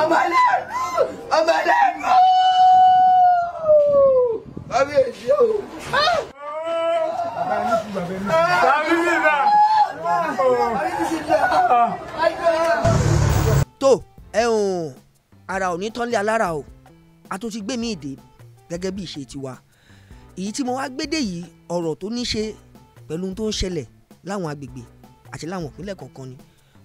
ọmọ ẹlẹ́rú ọmọ ẹlẹ́rú bàbá èyí o. bàbá mi bá. tó ẹ ǹ ara ò ní tọ́lé alára o a tún ti gbé mi ìdè gẹ́gẹ́ bí ìṣe tiwa èyí tí mo wá gbédè yìí ọ̀rọ̀ tó ní ṣe pẹ̀lú ohun tó ń ṣẹlẹ̀ láwọn agbègbè àti láwọn ìpínlẹ̀ kọ̀ọ̀kan ni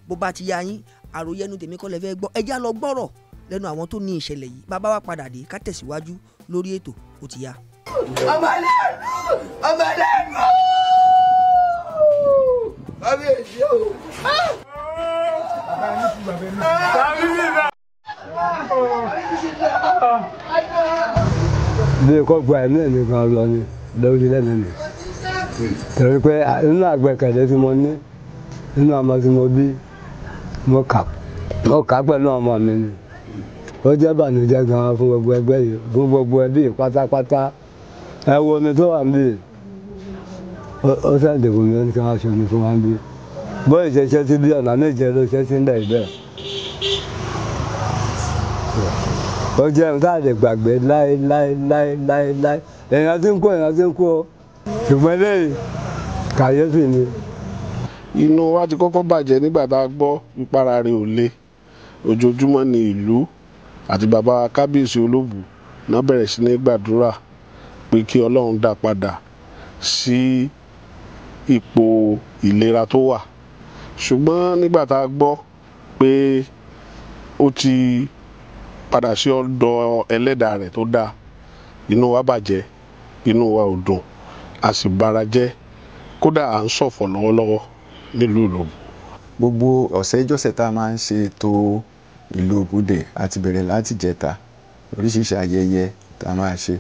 bó bá ti ya yín àròyé ẹnu tèmi kọ́ lẹ fẹ́ gbọ́ ẹjá lọ gbọ́rọ̀ lẹ́nu àwọn tó ní ìṣẹ̀lẹ̀ yìí bàbá wa padà dé ká tẹ̀síwájú lórí ètò ó ti yá. ọmọ lẹ́nu ọmọ lẹ́nu bàbá èyí o. bí o kọ́ gba ẹ̀mí ẹ̀mí kan lọ ni lórí lẹ́nu mi torí pé nínú àgbẹ̀kẹ̀lé tí mo ní nínú àmọ́ tí mo bí mo kà mo kà pẹ̀lú ọmọ mi ni ó jẹ́ bànújẹ́ gan-an fún gbogbo ẹgbẹ́ yìí fún gbogbo ẹbí pátápátá ẹ wo omi tó wà níbí ó sẹ́ǹdẹ̀kùn mi ó ní kí wọ́n aṣọ omi fún wa níbí bó ìṣe ṣe ti bí ọ̀nà méje ló ṣe ti ń dẹ̀ ìbẹ̀rẹ̀ ó jẹ́ ohun tá a lè gbàgbé láé láé láé láé láé èèyàn ti ń kó èèyàn ti ń kó ṣùgbọ́n eléyìí kàyéfì ni inú wa ti kọ́kọ́ bàjẹ́ nígbà tá a gbọ́ ìpara rẹ̀ ò le ojoojúmọ́ ni ìlú àti bàbá kábíyèsí olóògbé náà bẹ̀rẹ̀ sí ní gbàdúrà pé kí ọlọ́run dá padà sí ipò ìlera tó wà ṣùgbọ́n nígbà tá a gbọ́ pé ó ti padà sí ọ̀dọ̀ ẹlẹ́dàá rẹ̀ tó dáa inú wa bàjẹ́ inú wa ò dùn a sì bara jẹ́ kódà à ń ṣọ̀fọ̀ lọ́wọ́lọ́wọ́ nílùú Ìlọbù. Gbogbo ọ̀sẹ̀ ìjọ́sẹ̀ tá a máa ń ṣe ètò Ìlọbù Day àti bẹ̀rẹ̀ láti ìjẹta. Oríṣiríṣi ayẹyẹ tá a máa ṣe.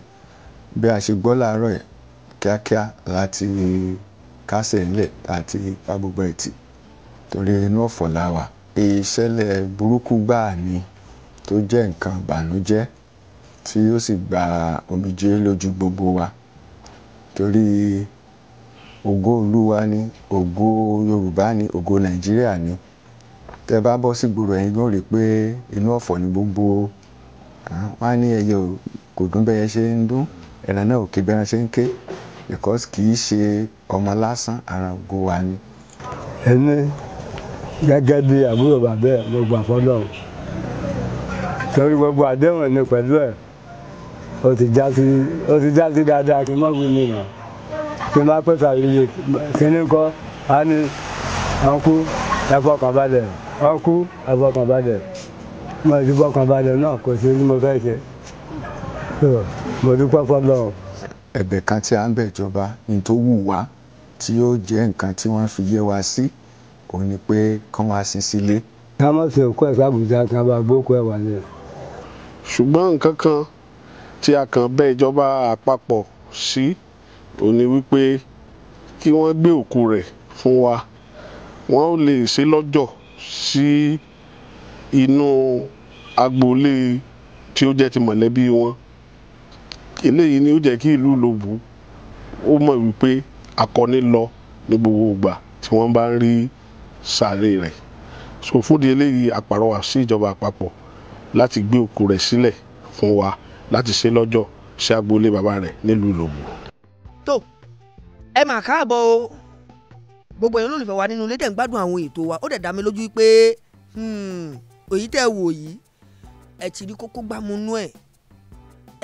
Bí a ṣe gbọ́ láàárọ̀ yìí kíákíá láti kásẹ̀ ńlẹ̀ àti pa gbogbo ẹ̀ tì torí inú ọ̀fọ̀ la wà. Ìṣẹ̀lẹ̀ burúkú gbáà ni tó jẹ́ nǹkan ìbànújẹ́ tí ó sì gba omijé lójú gbogbo wa torí. ògo olúwa ni ògo yorùbá ni ògo nàìjíríà ni tẹ bá bọ sí gbòòrò ẹ̀yin yóò rí i pé inú ọfọ ni gbogbo wọn á ní ẹyẹ kò dún bẹ́yẹ ṣe ń dún ẹran náà ò ké bẹ́ran ṣe ń ké because kì í ṣe ọmọ lásán ara ògo wa ni. ẹni gẹ́gẹ́ bí àbúrò bàbá ẹ̀ mo gbà fọ́dọ̀ torí gbogbo àdéhùn ni pẹ̀lú ẹ̀ ó ti já sí dáadáa kí n mọ́ wí nìyẹn. tí n bá pèsè àyè kíní kọ́ á ní ọkú ẹfọkànbalẹ̀ ọkú ẹfọkànbalẹ̀ mo ti fọkànbalẹ̀ náà kò sí ní mo fẹ́ ṣe mo dúpẹ́ fọlọ́run. ẹ̀bẹ̀ kan tí a ń bẹ̀ ìjọba ní tó wù wá tí ó jẹ́ nǹkan tí wọ́n fi yé wa sí òun ni pé kán wá sin sílé. ká má ṣe òkú ẹ̀ sábùjá kan bá gbókù ẹ̀ wálé. ṣùgbọ́n nǹkan kan tí a kàn bẹ̀ ìjọba àpapọ̀ sí. Si òun ni wípé kí wọ́n gbé òkú rẹ̀ fún wa. Wọn ò lè ṣe lọ́jọ̀ sí inú agboolé tí ó jẹ́ ti mọ̀lẹ́bí wọn. Eléyìí ni ó jẹ́ kí ìlú Ìlobù ó mọ̀ wípé akọni lọ ní gbogbo ìgbà tí wọ́n bá ń rí sáré rẹ̀. So fún di eléyìí, a pàrọwà sí ìjọba àpapọ̀ láti gbé òkú rẹ̀ sílẹ̀ fún wa láti ṣe lọ́jọ̀ sí agboolé bàbá rẹ̀ nílùú Ìlobù tó ẹ mà káàbọ̀ o gbogbo ẹ̀yin olólùfẹ́ wa nínú ilé tẹ̀ ń gbádùn àwọn ètò wa ó dẹ̀ dá mi lójú pé òyì tẹ́ ẹ wò yìí ẹ ti rí kókó gbámúnú ẹ̀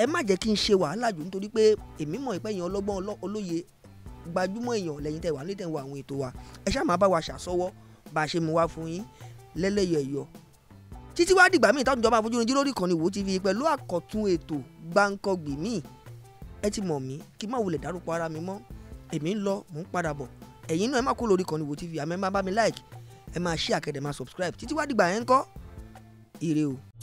ẹ má jẹ́ kí n ṣe wàhálà jù nítorí pé èmi mọ̀ ìpẹ́ èèyàn ọlọ́gbọ́n olóye gbajúmọ̀ èèyàn lẹ́yìn tẹ̀ wà nílé tẹ̀ ń wo àwọn ètò wa ẹ ṣáà máa bá wa ṣàsọwọ́ bá a ṣe mú wa fún yín lẹ́lẹ́yẹ̀yọ títí wá dìgbà míì táwọn ìjọba àfojúrinjú lórí ìkànnì Wo TV pẹ̀lú àkọ́tún ètò gbáǹkọ́gbì míì ẹ ti mọ̀ mí kí n má wulẹ̀ dárúkọ ara mi mọ́ èmi ń lọ mò ń padà bọ̀ ẹ̀yin náà ẹ má kó lórí kan ní tv àmọ́ ẹ bá mi like ẹ máa share kẹ́dẹ̀ máa subscribe títí wá dìgbà yẹn ń kọ́ ire o.